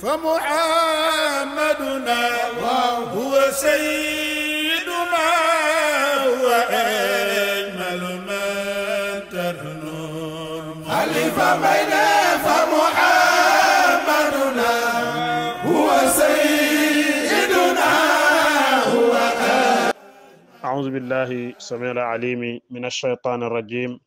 فمحمدنا وهو سيدنا وأجمل من ترنور خلف بين فمحمدنا هو سيدنا هو أعوذ بالله السميع العليم من الشيطان الرجيم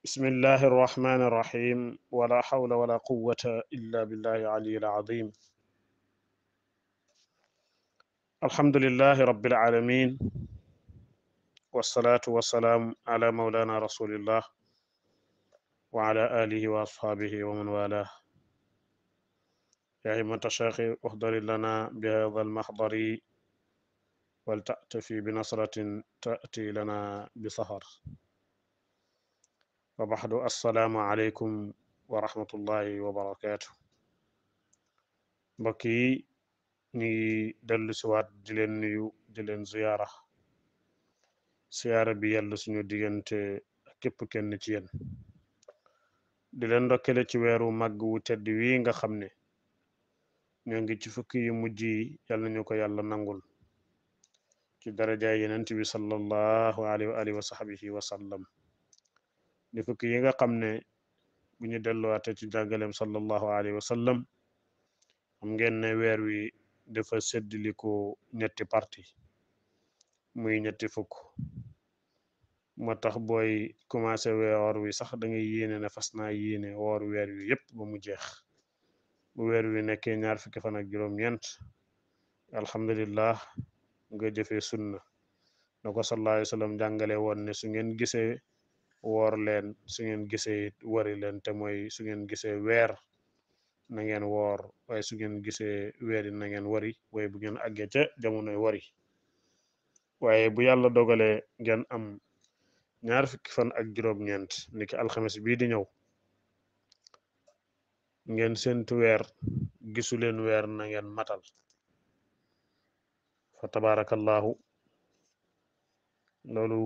bismillahi arrahmani irrahim wala hawla wala quwata illa billahi aliyil azim alhamdulilahi rabbil alamin wassalatu wassalaam ala maulana rasulillah wa ala alihi wa ashabihi wa man walah ya himmata shaykhi uhdari lana bi hadha almahdari walta'tafi bi nasratin ta'ti lana bi sahar wa baxdu assalaamu aleykum wa wa barakaatu mbokk yi ñu ngi dellu siwaat di leen nuyu di ziyaara ziyaara bi yàlla suñu diggante ak képp kenn ci yéen di leen ndokkale ci weeru màgg wu tedd wii nga xam ne ñoo ngi ci fukki yi mujj yi yàlla ñu ko yàlla nangul ci darajaay yenent bi sallallahu alayhi wa alihi wa sahbihi wa sallam ni fukk yi nga xam ne bu ñu delluwaate ci jàngaleem sallallahu alayhi wa sallam xam ngeen ne weer wi dafa séddliko ñetti parti muy ñetti fukk moo tax booy commencé woor wi sax danga ngay yéene fas naa yéene woor weer wi yépp ba mu jeex bu weer wi nekkee ñaar fukki fan ak juróom-ñeent alhamdulillah nga jëfee sunna na ko sallallahu jàngale woon ne su ngeen gisee woor leen su ngeen gisee wari leen te mooy su ngeen gisee weer na ngeen woor waaye su ngeen gisee weer yi na ngeen wari waye bu ngeen àggee ca jamonoy wari waaye bu yàlla dogalee ngeen am ñaar fukki fan ak juróom-ñeent niki alxames bii di ñëw ngeen séntu weer gisu leen weer na ngeen matal fa tabaarakallaahu loolu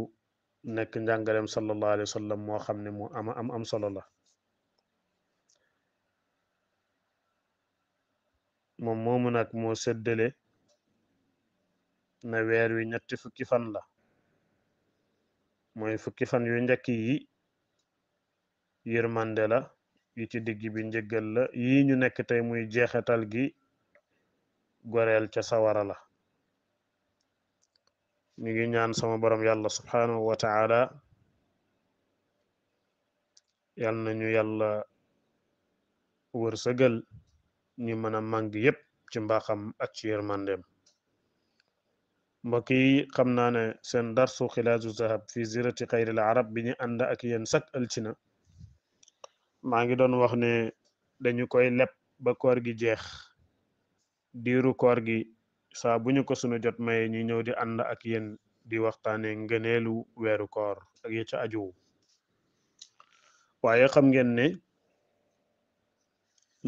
nekk njàngaleem sallallahu alayhi wa moo xam ne mu ama am am solo la moom moomu nag moo séddale na weer wi ñetti fukki fan la mooy fukki fan yu njëkk yi yërmande la yi ci digg bi njëggal la yii ñu nekk tey muy jeexetal gi goreel ca sawara la ñu ngi ñaan sama boroom yàlla subhanahu wa ta'ala yal nañu yàlla wërsëgal ñu mën a màng yépp ci mbaaxam ak ci yërmandeem mbokk yi xam naa ne seen darsu xilaasu zahab fi zirati xayril arab bi ñu ànd ak yéen sak altine maa ngi doon wax ne dañu koy leb ba koor gi jeex diiru koor gi saa bu ñu ko sunu jot maye ñu ñëw di ànd ak yéen di waxtaane ngëneelu weeru koor ak ya ca aju waaye xam ngeen ne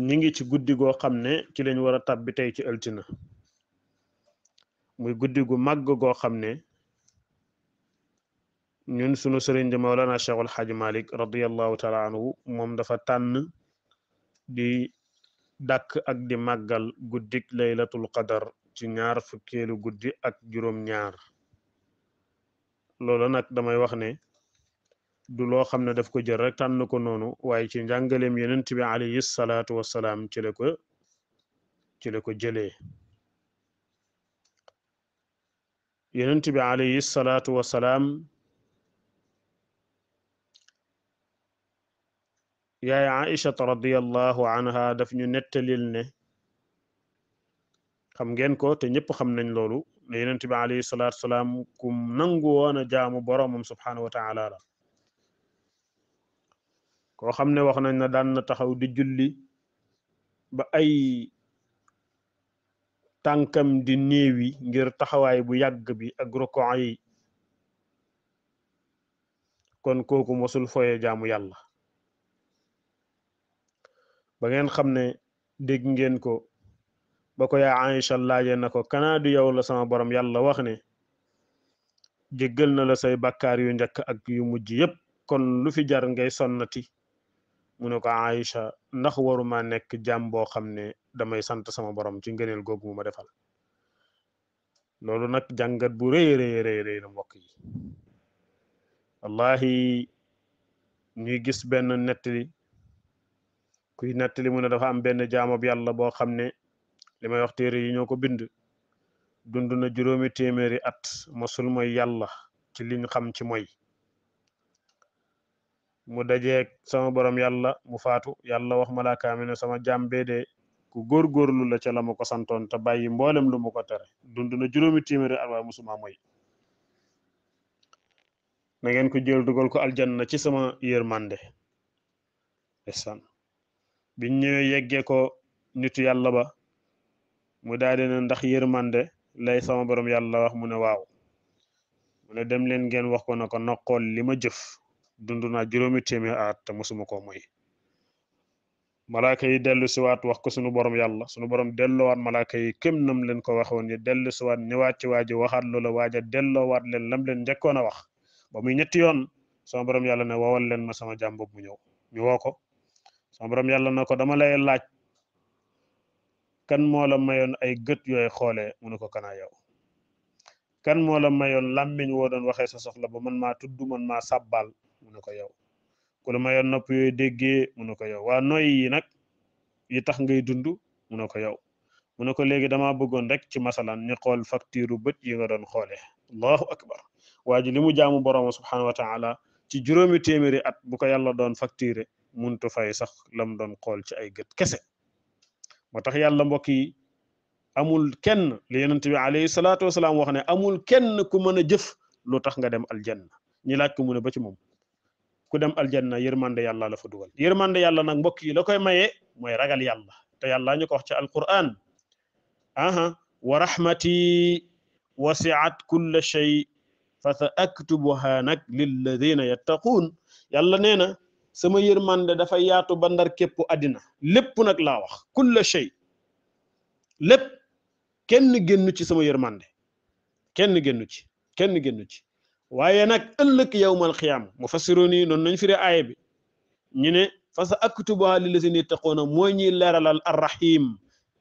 ñi ngi ci guddi goo xam ne ci lañ war a tàbbi tey ci ëltina muy guddi gu màgg goo xam ne ñun sunu sëriñ di Mawlana Cheikhul Xaaji Malik radiallahu taala anhu moom dafa tànn di dàkk ak di màggal guddik laylatul qadar ci ñaar fukkeelu guddi ak juróom-ñaar loola nag damay wax ne du loo xam ne daf ko jël rek tànn ko noonu waaye ci njàngaleem yonent bi alayhi salaatu wasalaam ci la ko ci la ko jëlee yonent bi alayhi salaatu wasalaam yaay aichat radiallahu anha daf ñu nettalil ne xam ngeen ko te ñépp xam nañ loolu ne yonent bi alayhi salaam ku nangu a jaamu borom subhaanahu wa taala la koo xam ne wax nañ na daan na taxaw di julli ba ay tànkam di néewi ngir taxawaay bu yàgg bi ak rokon yi kon kooku mosul foye jaamu yàlla ba ngeen xam ne dégg ngeen ko boo ko yaa Aïcha laajee na ko kanaa du yow la sama borom yàlla wax ne jéggal na la say bakkaar yu njëkk ak yu mujj yépp kon lu fi jar ngay sonnati mu ne ko Aïcha ndax waruma nekk jàmm boo xam ne damay sant sama borom ci ngëneel googu mu ma defal loolu nag jàngat bu rëy rëy rëy rëy la mbokk yi wallahi ñuy gis benn nettali kuy nettali mu ne dafa am benn jaamob yàlla boo xam li may wax téere yi ñoo ko bind dund na juróomi téeméeri at masul mooy yàlla ci liñ xam ci mooy mu dajeeg sama borom yàlla mu faatu yàlla wax malaaka mi ne sama jàmbee de ku góorgóorlu la ca la ma ko santoon te bàyyi mboolem lu ma tere dund na juróomi téeméeri at waaye mosuma mooy na ngeen ko jël dugal ko aljanna ci sama yërmande ndeysaan biñ ñëwee yeggee ko nitu yàlla ba mu daal dina ndax yërmande lay sama borom yàlla wax mu ne waaw mu dem leen ngeen wax ko na ko noqool li ma jëf dund naa juróomi téeméer at te mosuma koo moy malaaka yi dellu siwaat wax ko sunu borom yàlla sunu borom delloowaat malaaka yi kém nam leen ko waxoon ni dellu siwaat ñëwaat ci waaji waxaat loola waaja delloowaat leen lam leen njëkkoon a wax ba muy ñetti yoon sama borom yàlla ne wowal leen ma sama jàmm boobu mu ñëw ñu woo sama borom yàlla na ko kan moo la mayoon ay gët yooy xoolee mu ne ko kanaa yow kan moo la mayoon làmmiñ woo doon waxee sa soxla ba man maa tudd man maa sàbbaal mu ne ko yow ku la mayoon nopp yooyu déggee mu ko yow waa noy yi nag yi tax ngay dund mu ne ko yow mu ne ko léegi dama bëggoon rek ci masalan ñu xool facture bët yi nga doon xoolee allahu akbar waa ji mu jaamu borooma subhanahu wa taala ci juróomi téeméeri at bu ko yàlla doon facturé muntu fay sax lam doon xool ci ay gët kese moo tax yàlla mbokk yi amul kenn li yonent bi alayhi salaatu wasalaam wax ne amul kenn ku mën a jëf lu tax nga dem aljanna ñi laaj ko mu ne ba ci moom ku dem aljanna yërmande yàlla la fa dugal yërmande yàlla nag mbokk yi la koy maye mooy ragal yàlla te yàlla ñu ko wax ci alquran aha wa rahmati wasiat kulla shay fa sa aktubuha nag lilladina yattaquun yàlla nee sama yërmande dafa yaatu ba ndar képp àddina lépp nag laa wax kulla lépp kenn génnu ci sama yërmande kenn génnu ci kenn génnu ci waaye nag ëllëg yawmal xiyaama mufassiroon yi noonu nañ firi aaya bi ñu ne fa sa aktubuha lillazina yattaquuna mooy ñuy leeralal arrahim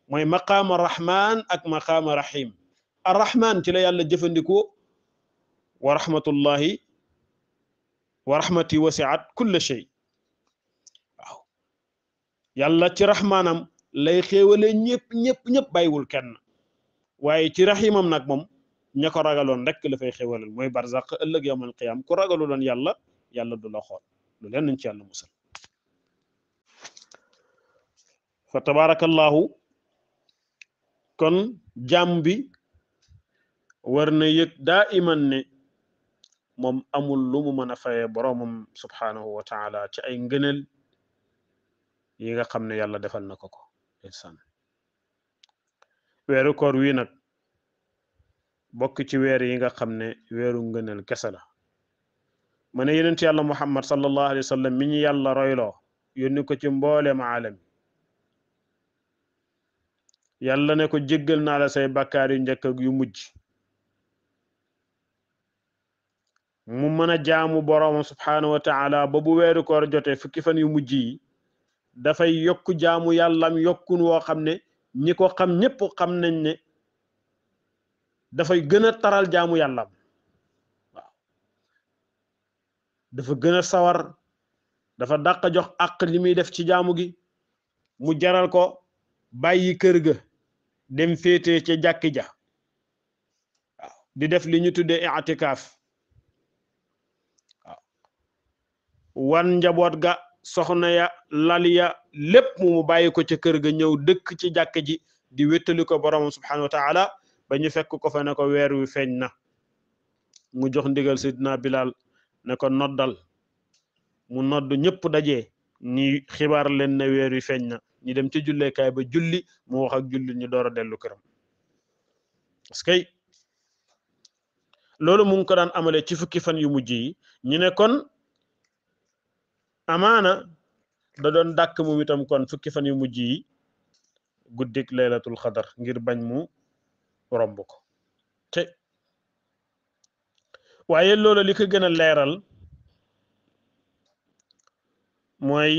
mooy maqaama rahman ak maqaama rahim arrahman ci la yàlla jëfandikoo wa rahmatullahi wa rahmati wasiat kulla shay yàlla ci raxmaanam lay xéewale ñëpp ñëpp ñëpp bàyyiwul kenn waaye ci raximam nag moom ña ko ragaloon rek la fay xéewalal mooy barzaq ëllëg yawmal qiyaam ku ragalu loon yàlla yàlla du la lu leen nañ ci yàlla musal fa tabaarakallaahu kon jàmm bi war na yëg daa iman ne moom amul lu mu mën a fayee boroomam subhaanahu wa taala ci ay ngëneel yi nga xam ne yàlla defal na ko ko ndeysaan weeru koor wii nag bokk ci weer yi nga xam ne weeru ngëneel kese la ma ne yonent yàlla muhammad sallallahu alayhi wa sallam mi ñu yàlla royloo yónni ko ci mbooleem aalam yàlla ne ko jéggal naa la say bakkaar yu njëkk yu mujj mu mën a jaamu boroomam subhaanahu wa taala ba bu weeru jotee fukki fan yu mujj yi dafay yokk jaamu yàllam yokkun woo xam ne ñi ko xam ñépp xam nañ ne dafay gën a taral jaamu yàllam waaw dafa gën a sawar dafa daq jox àq li muy def ci jaamu gi mu jaral ko bàyyi kër ga dem féete ca jàkki ja di def li ñu tuddee i'tikaaf waaw wan njaboot ga soxna ya lal lépp mu bàyyi ko ci kër ga ñëw dëkk ci jàkk ji di wéttali ko boroomam subhanahu ba ñu fekk ko fa ne ko weer wi feeñ na mu jox ndigal sidna Bilal ne ko noddal mu nodd ñëpp daje ñi xibaar leen ne weer wi feeñ na ñu dem ci julleekaay ba julli mu waxak ak julli ñu door a dellu këram parce loolu mu ko daan amale ci fukki fan yu mujj yi ñu ne kon amaana da doon dàkk mu itam kon fukki fan yu mujj yi guddik laylatul xadar ngir bañ mu romb ko te waaye loolu li ko gën a leeral mooy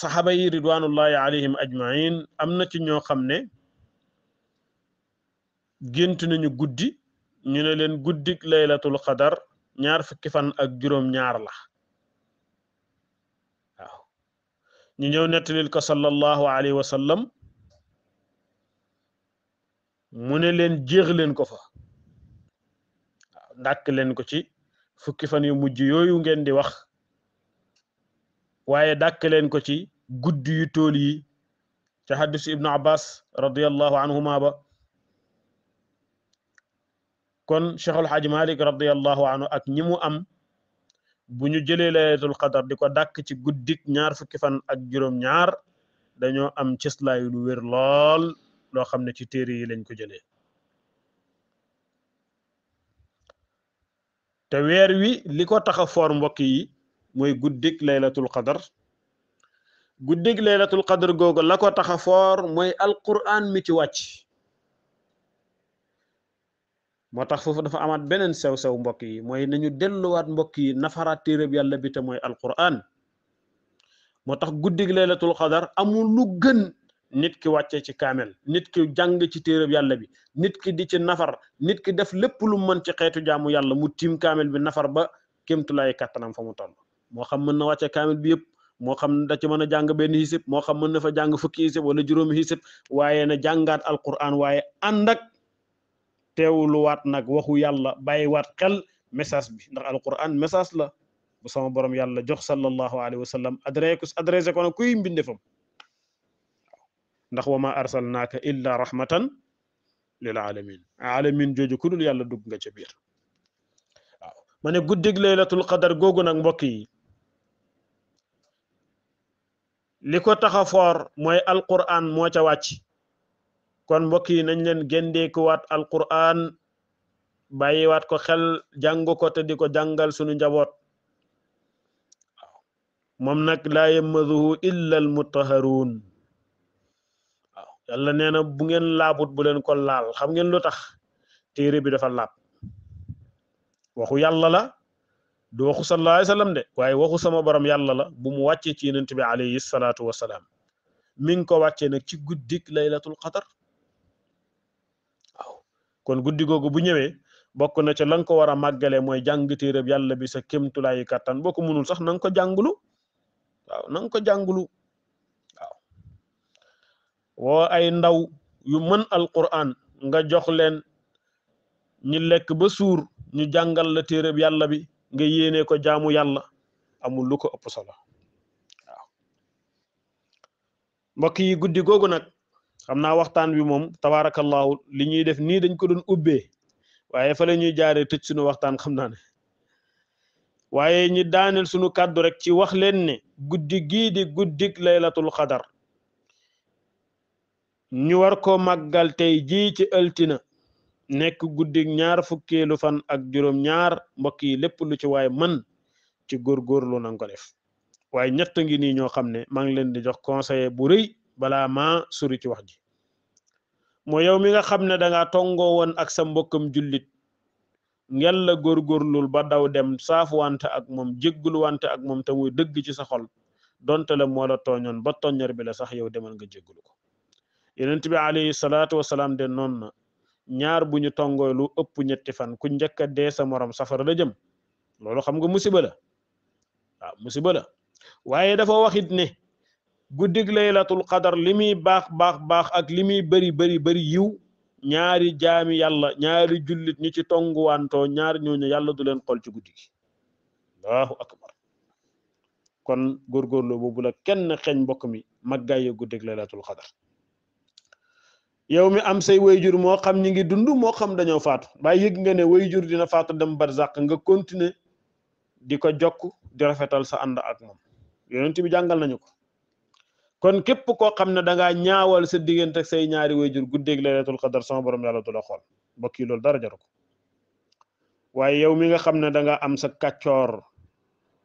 saxaaba yi ridwanullahi alayhim ajmain am na ci ñoo xam ne gént nañu guddi ñu ne leen guddik laylatul xadar ñaar fukki fan ak juróom ñaar la ñu ñëw nettalil ko sallallahu alayhi wa mu ne leen jeex leen ko fa ndàkk leen ko ci fukki fan yu mujj yooyu ngeen di wax waaye dàkk leen ko ci guddi yu tool yi ca xaddisu ibnu abbas radiallahu anhuma ba kon cheikhul xaaji malik radiallahu anhu ak ñi mu am bu ñu jëlee laylatul qadar di ko dàkk ci guddik ñaar fukki fan ak juróom-ñaar dañoo am cëslaay lu wér lool loo xam ne ci téere yi lañ ko jëlee te weer wi li ko tax foor mbokk yi mooy guddik laylatul qadar guddik laylatul qadar googu la ko tax a foor mooy alquran mi ci wàcc moo tax foofu dafa amaat beneen sew-sew mbokk yi mooy nañu delluwaat mbokk yi nafaraat téeréb yàlla bi te mooy alquran moo tax guddig laylatul xadar amul lu gën nit ki wàccee ci kaameel nit ki jàng ci téeréb yàlla bi nit ki di ci nafar nit ki def lépp lu mën ci xeetu jaamu yàlla mu tiim kaameel bi nafar ba kémtulaay kàttanam fa mu toll moo xam mën na wàcce kaamel bi yëpp moo xam da ci mën a jàng benn hisib moo xam mën na fa jàng fukki hisib wala juróomi hisib waaye na jàngaat alquran waaye ànd ak teewluwaat nag waxu yàlla bàyyiwaat xel message bi ndax alquran message la bu sama borom yàlla jox sallallahu alayhi wa sallam ko nag kuy mbindefam ndax wa ma arsalnaaka illa rahmatan lil alamin alamin jooju ku yàlla dugg nga ca biir waaw ma guddig laylatul qadar googu nag mbokk yi li ko tax foor mooy alquran moo ca wàcc kon mbokk yi nañ leen gendeekuwaat alquran bàyyiwaat ko xel jàng ko te di ko jàngal sunu njaboot moom nag laa yamaduhu illa almutaharuun waaw yàlla nee na bu ngeen laabut bu leen ko laal xam ngeen lu tax téere bi dafa laab waxu yàlla la du waxu sallallahu alayhi wasallam de waaye waxu sama borom yàlla la bu mu wàccee ci yonent bi alayhi salaatu ci guddik laylatul qadar kon guddi googu bu ñëwee bokk na ca la nga ko war a màggale mooy jàng téereb yàlla bi sa kémtulaayi kàttan boo ko mënul sax na nga ko jàngulu waaw na nga ko jàngulu waaw woo ay ndaw yu mën alquran nga jox leen ñi lekk ba suur ñu jàngal la téereb yàlla bi nga yéene ko jaamu yàlla amul lu ko ëpp waaw mbokk yi guddi googu nag xam naa waxtaan wi moom tabaarakallaahu li ñuy def nii dañ ko doon ubbe waaye fa la ñuy jaare tëj suñu waxtaan xam naa waaye ñi daaneel suñu kàddu rek ci wax leen ne guddi gii di guddik laylatul xadar ñu war ko màggal tey jii ci ëltina nekk guddik ñaar fukkeelu fan ak juróom ñaar mbokk yi lépp lu ci waaye man ci góorgóorlu na nga ko def waaye ñett ngi nii ñoo xam ne maa ngi leen di jox conseiller bu rëy balaa maa sori ci wax ji moo yow mi nga xam ne danga tongoo woon ak sa mbokkam julit ngel la góorgóorlul ba daw dem saaf wante ak moom jéggul wante ak moom te dëgg ci sa xol donte la moo la tooñoon ba toññar bi la sax yow demal nga jéggulu ko yonent bi alayhi salaatu wasalaam de noonu na ñaar bu ñu tongoo lu ëpp ñetti fan ku njëkk a dee sa morom safara la jëm loolu xam nga musiba la waaw dafa waxit ne guddig laylatul qadar li muy baax baax baax ak li muy bari bari bëri yiw ñaari jaami yàlla ñaari jullit ñi ci tonguwantoo ñaari ñooñu yàlla du leen xool ci guddi gi allahu akbar kon góorgóorlu boobu la kenn xeñ mbokk mi màggaay yo guddig laylatul qadar yow mi am say wayjur moo xam ñi ngi dund moo xam dañoo faatu waaye yëg nga ne wayjur dina faatu dem barzaq nga continuer di ko jokk di rafetal sa ànd ak moom yonent bi jàngal nañu ko kon képp koo xam ne da ngaa ñaawal sa diggante ak say ñaari wayjur guddeeg laylatul qadar sama borom yàlla du la xool mbokk loolu dara jaru ko waaye yow mi nga xam ne da nga am sa kàccoor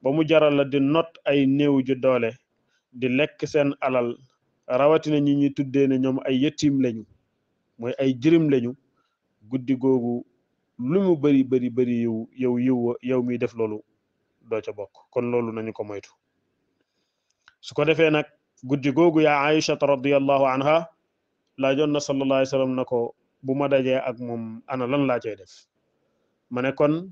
ba mu jaral la di not ay néew ju doole di lekk seen alal rawatina ñi ñuy tuddee ne ñoom ay yëttiim lañu mooy ay jërim lañu guddi googu lu mu bari bari bari yiw yow yiw yow miy def loolu doo ca bokk kon loolu nañu ko moytu su ko defee nag. guddi googu ya yaa aïchata radiallahu anha laajoon na sallallahu alayhi wa na ko bu ma dajee ak moom ana lan laa cay def ma ne kon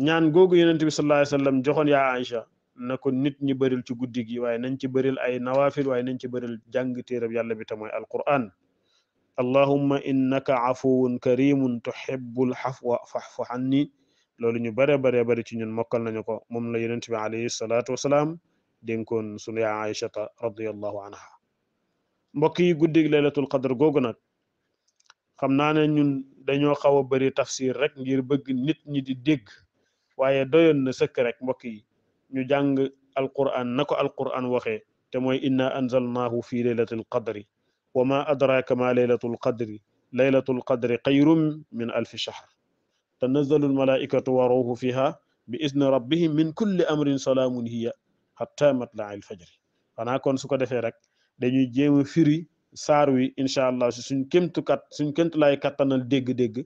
ñaan googu yonent bi sallallahu alayhi wa sallam joxoon yaa aïcha na ko nit ñi baril ci guddi gi waaye nañ ci bëril ay nawaafil waaye nañ ci bëril jàng téerab yàlla bi ta mooy alquran allahumma innaka afuwun karimun tuhibbul afwa fa'fu anni loolu ñu bare bare bari ci ñun mokkal nañu ko moom la yonent bi alayhi salaatu dénkoon sunu yaa aïchata radiallahu anha mbokk yi guddig laylatul qadr googu nag xam naa ne ñun dañoo xaw a bëri tafsir rek ngir bëgg nit ñi di dégg waaye doyoon na sëkk rek mbokk yi ñu jàng alquran na ko alquran waxee te mooy inna anzalnaahu fi laylatil qadri wa ma adraka ma laylatul qadri laylatul qadri min alfi shahr tanazzalu almalaikatu wa fiha bi izni rabbihim min kulli amrin salaamun hiya xatta la il fajri xanaa kon su ko defee rek dañuy jéem a firi saar wi incha allah suñ kémtu kat suñ kémtu laay kattanal dégg-dégg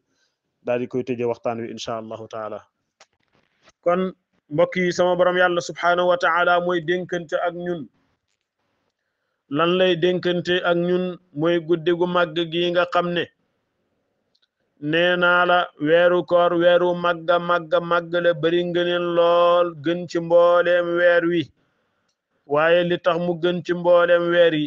daal di koy tëjee waxtaan wi incha allahu taala kon mbokk yi sama borom yàlla subhaanahu wa taala mooy dénkante ak ñun lan lay dénkante ak ñun mooy guddi gu màgg gi nga xam ne nee naa la weeru koor weeru màgga màgga màgg la bëri ngëneen lool gën ci mbooleem weer wi waaye li tax mu gën ci mboolem weer yi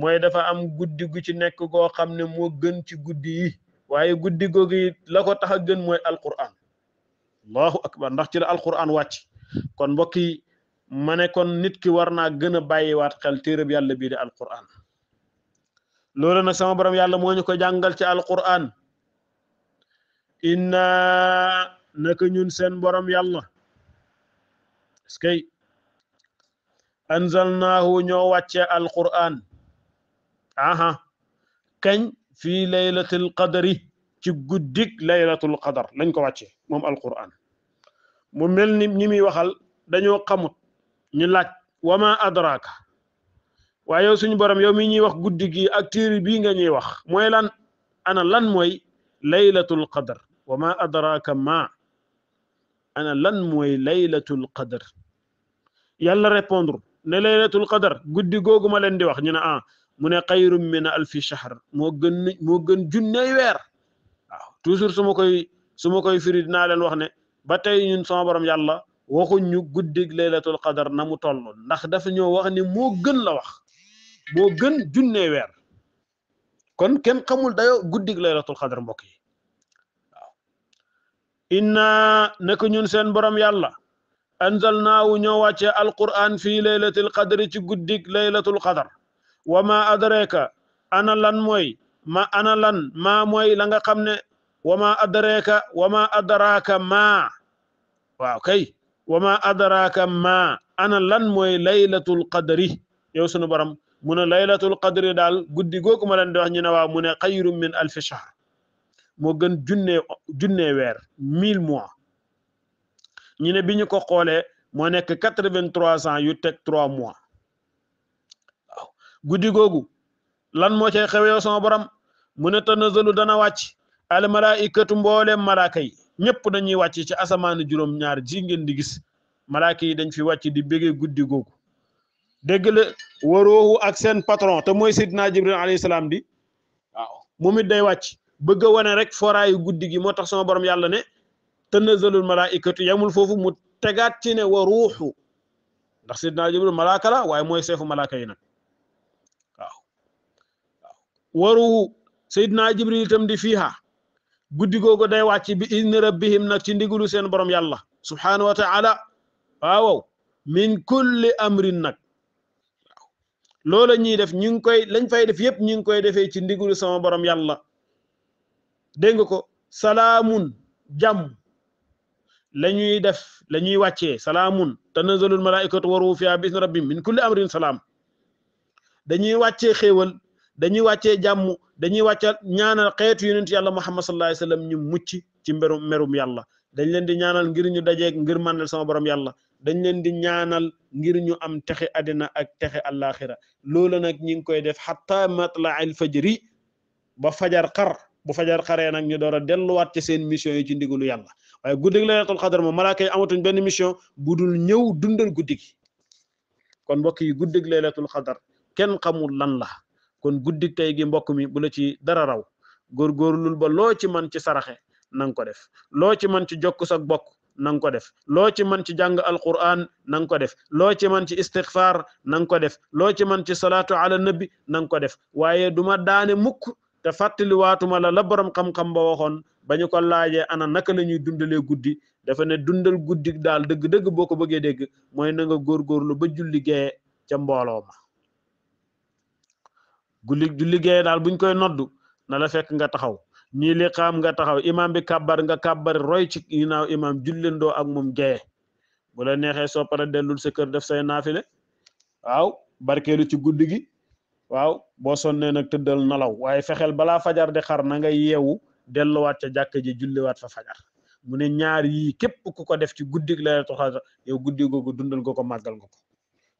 mooy dafa am guddi gu ci nekk goo xam ne moo gën ci guddi yi waaye guddi googu it la ko tax a gën mooy alquran allahu akbar ndax ci la alquran wàcc kon mbokk yi ma ne kon nit ki war naa gën a bàyyiwaat xel téereb yàlla bii di alquran loolu na sama borom yàlla moo ñu ko jàngal ci alquran inna naka ñun seen borom yàlla eskay anzalnaahu ñoo wàccee alquran aha kañ fii laylatil qadari ci guddik laylatul qadar lañ ko wàccee moom alquran mu mel ni ñi muy waxal dañoo xamut ñu laaj wama adraka waaye yow suñu borom yow mi ñuy wax guddi gi ak téere bii nga ñuy wax mooy lan ana lan mooy laylatul qadar wama adraka ma ana lan mooy laylatul qadar yàlla répondre ne laylatul qadar guddi googu ma leen di wax ñu ne ah mu ne xayrum min alfi shahr moo gën moo gën junney weer waaw toujours su ma koy su ma koy firi dinaa leen wax ne ba tey ñun sama borom yàlla waxuñ ñu guddig laylatul qadar na mu toll ndax dafa ñoo wax ni moo gën la wax moo gën junney weer kon kenn xamul dayo guddig laylatul qadar mbokk yi inna naka ñun seen borom yàlla anzalnaahu ñoo wàcce alquran fii laylatil qadri ci guddik laylatul qadar wa ma adraka ana lan mooy ma ana lan maa mooy la nga xam ne wa ma adraka wa ma adraka kay wa ma adraka maa ana lan mooy laylatul qadri yow sunu borom mu ne laylatul daal guddi googu ma leen di wax ñu ne waaw mu ne xayrum min alfi shahr moo gën junne weer mille mois ñu ne bi ñu ko xoolee moo nekk quatre vingt trois ans yu teg trois mois guddi googu lan moo cay xewee sama borom mu ne tanazalu dana wàcc al malaikatu mboole malaaka yi ñëpp dañuy wàcc ci asamaanu juróom-ñaar ji ngeen di gis malaaka yi dañ fi wàcc di bégee guddi googu dégg la ak seen patron te mooy sidna jibril alayhi salaam di waaw moom it day wàcc bëgg wane rek foraayu guddi gi moo tax sama borom yàlla ne tënazalul malaikatu yamul foofu mu tegaat ci ne wa ruuxu ndax sidna jibril malaaka waaye mooy seefu malaaka yi nag waaw waaw wa ruuxu di fiiha guddi googu day wàcc bi izni rabbihim nag ci ndigalu seen borom yàlla subhaanahu wa taala waawow min kulli amrin nag loola ñuy def ñu ngi koy lañ fay def yépp ñu ngi koy defee ci ndigalu sama borom yàlla dégg nga ko salaamun jàmm la ñuy def la ñuy wàccee salaamun tanazalul malaikatu wa ruuhu fiha bi isni rabbim min kulli amrin salaam dañuy wàccee xéewal dañuy wàccee jàmm dañuy wàccal ñaanal xeetu yonent yàlla muhammad sallallahu ñu mucc ci mberum merum yàlla dañ leen di ñaanal ngir ñu dajeeg ngir màndal sama borom yàlla dañ leen di ñaanal ngir ñu am texe àddina ak texe àllaaxira loolu nag ñi ngi koy def xatta matla'il fajri ba fajar xar bu fajar xaree nag ñu door a delluwaat ci seen mission yi ci ndigalu yàlla waaye guddi gi laylatul xadar moom malaaka yi amatuñ benn mission bu dul ñëw dundal guddi gi kon mbokk yi guddi gi laylatul xadar kenn xamul lan la kon guddi tey gi mbokk mi bu la ci dara raw góorgóorlul ba loo ci man ci saraxe na nga ko def loo ci man ci jokk sa bokk na nga ko def loo ci man ci jàng alquran na nga ko def loo ci man ci istixfar na nga ko def loo ci man ci salaatu ala nabi na nga ko def waaye te fàttaliwaatuma la la borom xam-xam ba waxoon ba ñu ko laajee ana naka la ñuy dundalee guddi dafa ne dundal guddi daal dëgg-dëgg boo ko bëggee dégg mooy na nga góorgóorlu ba julli gee ca mbooloo ma gulli julli gee daal buñ koy noddu nala la nga taxaw ñii li nga taxaw imam bi kàbbar nga kàbbar roy ci ginnaaw imaam ak moom gee bu neexee soo pare dellul sa kër def say naafile waaw ci guddi gi waaw boo sonnee nag tëddal nalaw waaye fexeel balaa fajar de xar na nga yeewu delluwaat ca jàkk ji julliwaat fa fajar mu ne ñaar yi képp ku ko def ci guddig laylatul qadr yow guddi googu dundal nga ko màggal nga ko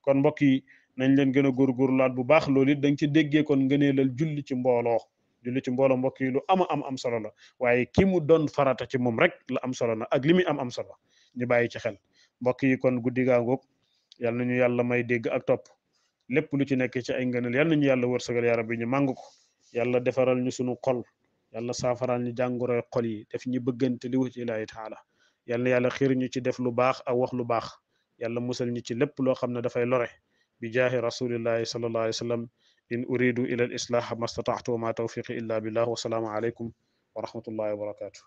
kon mbokk yi nañ leen gën a góorgóorluwaat bu baax loolu it dañ ci déggee kon ngëneelal julli ci mbooloo julli ci mbooloo mbokk yi lu ama am am solo la waaye ki mu doon farata ci moom rek la am solo na ak li muy am am solo ñu bàyyi ci xel mbokk yi kon guddi gaa nañu yàlla may dégg ak topp lépp lu ci nekk ci ay ngëneel yal nañu yàlla wërsëgal yaa rabbi ñu màng ko yàlla defaral ñu sunu xol yàlla saafaraal ñu jàngoroy xol yi def ñu bëggante li wut ilaahi taala yal na yàlla xiir ñu ci def lu baax ak wax lu baax yàlla musal ñu ci lépp loo xam ne dafay lore bi jaahi rasulillahi sallallahu alayhi wa sallam in uridu ila al islaah ma stataatu wa ma tawfiqi illa billah wa salaamu alaykum wa rahmatullahi wa barakatuh